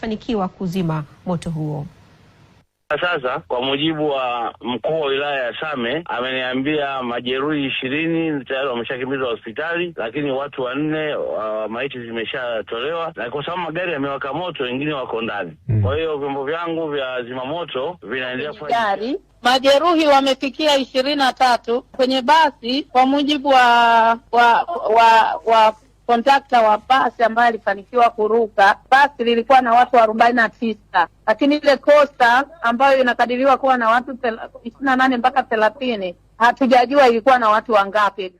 fanikiwa kuzima moto huo. Sasa kwa mujibu wa mkuu wa wilaya ya Same ameniambia majeruhi ishirini tayari wameshakimbizwa hospitali, lakini watu wanne wa maiti zimeshatolewa, na kwa sababu magari yamewaka moto, wengine wako ndani mm. Kwa hiyo vyombo vyangu vya zimamoto vinaendelea gari majeruhi wamefikia ishirini na tatu kwenye basi kwa mujibu wa, wa, wa, wa kontakta wa pasi ambaye alifanikiwa kuruka pasi, lilikuwa na watu arobaini na tisa lakini ile kosta ambayo inakadiriwa kuwa na watu ishirini na nane mpaka thelathini hatujajua ilikuwa na watu wangapi.